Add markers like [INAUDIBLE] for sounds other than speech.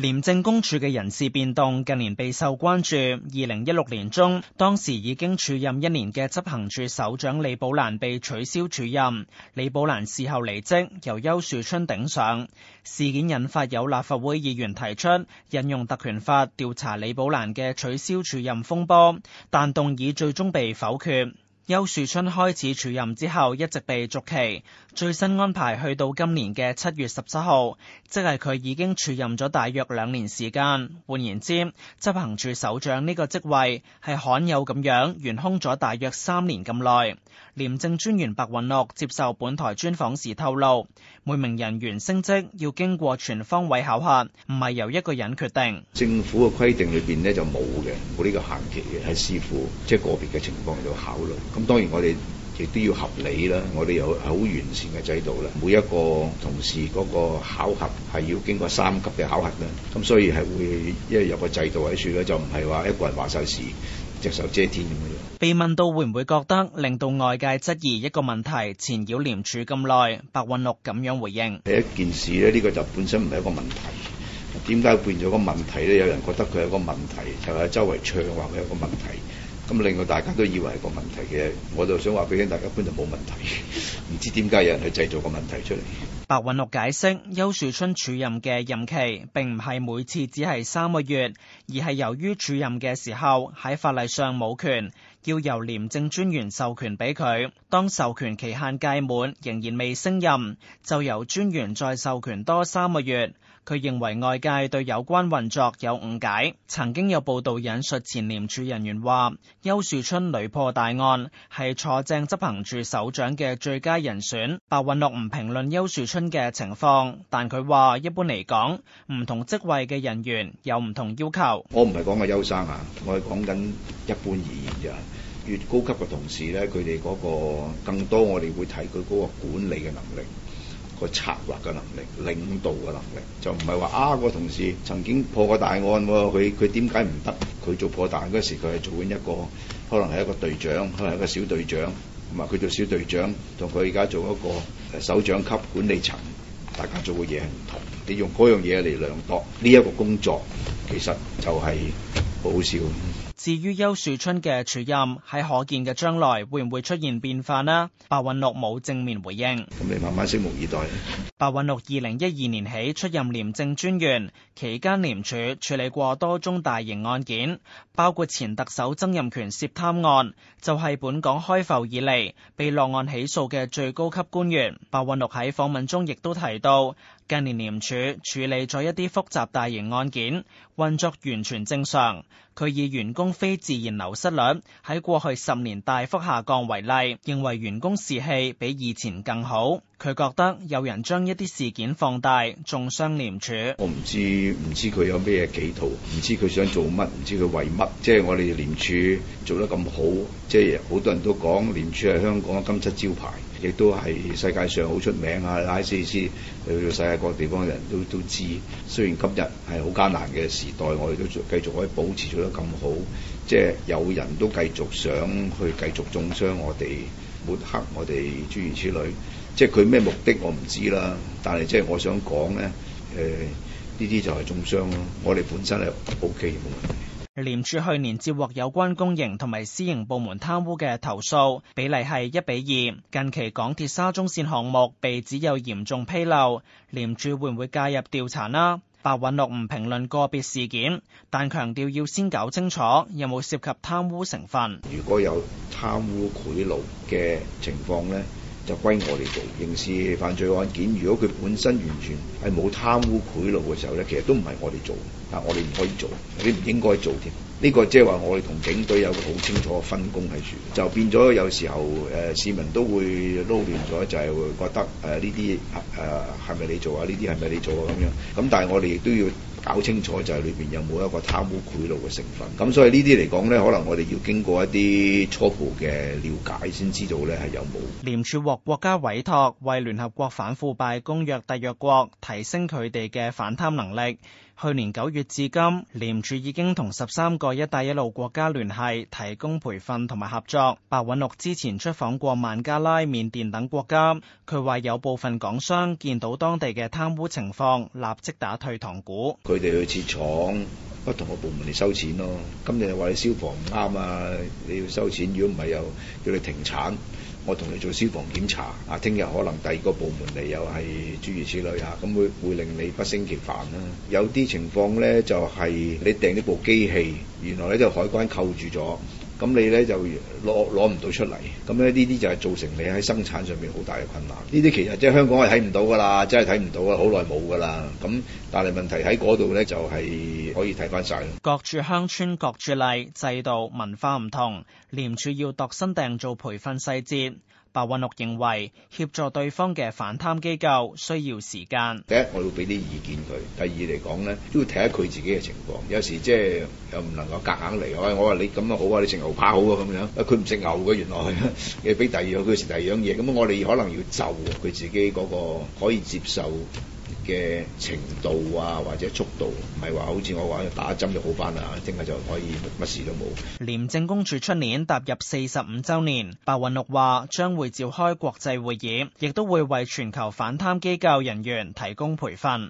廉政公署嘅人事變動近年備受關注。二零一六年中，當時已經署任一年嘅執行處首長李寶蘭被取消署任，李寶蘭事後離職，由丘樹春頂上。事件引發有立法會議員提出引用特權法調查李寶蘭嘅取消署任風波，但動議最終被否決。邱樹春開始署任之後，一直被續期，最新安排去到今年嘅七月十七號，即係佢已經署任咗大約兩年時間。換言之，執行處首長呢個職位係罕有咁樣懸空咗大約三年咁耐。廉政專員白韞六接受本台專訪時透露，每名人員升職要經過全方位考核，唔係由一個人決定。政府嘅規定裏邊呢就冇嘅，冇呢個限期嘅，係視乎即係個別嘅情況喺度考慮。咁當然我哋亦都要合理啦，我哋有好完善嘅制度啦，每一個同事嗰個考核係要經過三級嘅考核嘅，咁所以係會因為有個制度喺處咧，就唔係話一個人話晒事，隻手遮天咁嘅。被問到會唔會覺得令到外界質疑一個問題，纏繞廉署咁耐，白韞六咁樣回應。第一件事咧，呢、這個就本身唔係一個問題，點解變咗個問題咧？有人覺得佢有個問題，就係、是、周圍唱話佢有一個問題。咁令到大家都以為係個問題嘅，我就想話俾大家聽，根本就冇問題。唔 [LAUGHS] 知點解有人去製造個問題出嚟。白韞六解釋，丘樹春署任嘅任期並唔係每次只係三個月，而係由於署任嘅時候喺法例上冇權。要由廉政專員授權俾佢，當授權期限屆滿仍然未升任，就由專員再授權多三個月。佢認為外界對有關運作有誤解。曾經有報道引述前廉署人員話，邱樹春屢破大案，係坐正執行處首長嘅最佳人選。白韞六唔評論邱樹春嘅情況，但佢話一般嚟講，唔同職位嘅人員有唔同要求。我唔係講阿邱生啊，我係講緊一般而言啫。越高級嘅同事咧，佢哋嗰個更多，我哋會睇佢嗰個管理嘅能力、個策劃嘅能力、領導嘅能力，就唔係話啊、個同事曾經破過大案，佢佢點解唔得？佢做破大案嗰時，佢係做緊一個可能係一個隊長，可能係一個小隊長，同埋佢做小隊長，同佢而家做一個首長級管理層，大家做嘅嘢係唔同，你用嗰樣嘢嚟量度呢一個工作，其實就係好笑。至於丘樹春嘅署任喺可見嘅將來會唔會出現變化呢？白韞六冇正面回應，咁你慢慢拭目以待。白韞六二零一二年起出任廉政專員，期間廉署處理過多宗大型案件，包括前特首曾蔭權涉貪案，就係、是、本港開埠以嚟被落案起訴嘅最高級官員。白韞六喺訪問中亦都提到。近年廉署處理咗一啲複雜大型案件，運作完全正常。佢以員工非自然流失率喺過去十年大幅下降為例，認為員工士氣比以前更好。佢覺得有人將一啲事件放大，中傷廉署。我唔知唔知佢有咩嘢企圖，唔知佢想做乜，唔知佢為乜。即係我哋廉署做得咁好，即係好多人都講廉署係香港金字招牌。亦都係世界上好出名啊！ICC，去到世界各地方嘅人都都知。雖然今日係好艱難嘅時代，我哋都做繼續可以保持做得咁好，即係有人都繼續想去繼續中傷我哋，抹黑我哋諸如此類。即係佢咩目的我唔知啦，但係即係我想講咧，誒呢啲就係中傷咯。我哋本身係 O K 冇問題。廉署去年接獲有關公營同埋私營部門貪污嘅投訴，比例係一比二。近期港鐵沙中線項目被指有嚴重紕漏，廉署會唔會介入調查呢？白韞六唔評論個別事件，但強調要先搞清楚有冇涉及貪污成分。如果有貪污賄賂嘅情況呢？就歸我哋做刑事犯罪案件，如果佢本身完全係冇貪污賄賂嘅時候咧，其實都唔係我哋做，但我哋唔可以做，你唔應該做添。呢、這個。即係話我哋同警隊有個好清楚嘅分工喺處，就變咗有時候誒、呃、市民都會撈亂咗，就係、是、會覺得誒呢啲誒係咪你做啊？呢啲係咪你做啊？咁樣，咁但係我哋亦都要。搞清楚就係裏邊有冇一個貪污賄賂嘅成分，咁所以呢啲嚟講咧，可能我哋要經過一啲初步嘅了解，先知道咧係有冇。廉署獲國家委託，為聯合國反腐敗公約締約國提升佢哋嘅反貪能力。去年九月至今，廉署已經同十三個一帶一路國家聯繫，提供培訓同埋合作。白韞六之前出訪過孟加拉、緬甸等國家，佢話有部分港商見到當地嘅貪污情況，立即打退堂鼓。佢哋去設廠，不同嘅部門嚟收錢咯。今日又話你消防唔啱啊，你要收錢。如果唔係又叫你停產。我同你做消防檢查啊！聽日可能第二個部門嚟又係諸如此類嚇，咁會會令你不勝其煩啦。有啲情況咧就係、是、你訂呢部機器，原來咧就海關扣住咗。咁你咧就攞攞唔到出嚟，咁咧呢啲就係造成你喺生產上面好大嘅困難。呢啲其實即係香港係睇唔到㗎啦，真係睇唔到啊，好耐冇㗎啦。咁但係問題喺嗰度咧，就係可以睇翻晒。各處鄉村各處例制度文化唔同，廉署要度身訂造培訓細節。白韞六認為協助對方嘅反貪機構需要時間。第一，我要俾啲意見佢；第二嚟講咧，都要睇下佢自己嘅情況。有時即係又唔能夠夾硬嚟。我話你咁啊好啊，你食牛扒好啊咁樣。啊，佢唔食牛嘅原來。你俾第二樣，佢食第二樣嘢。咁我哋可能要就佢自己嗰個可以接受嘅程度啊，或者速度，唔係話好似我話打針就好翻啦，即刻就可以乜事都冇。廉政公署出年踏入四十五周年，白韞六話將會召開國際會議，亦都會為全球反貪機構人員提供培訓。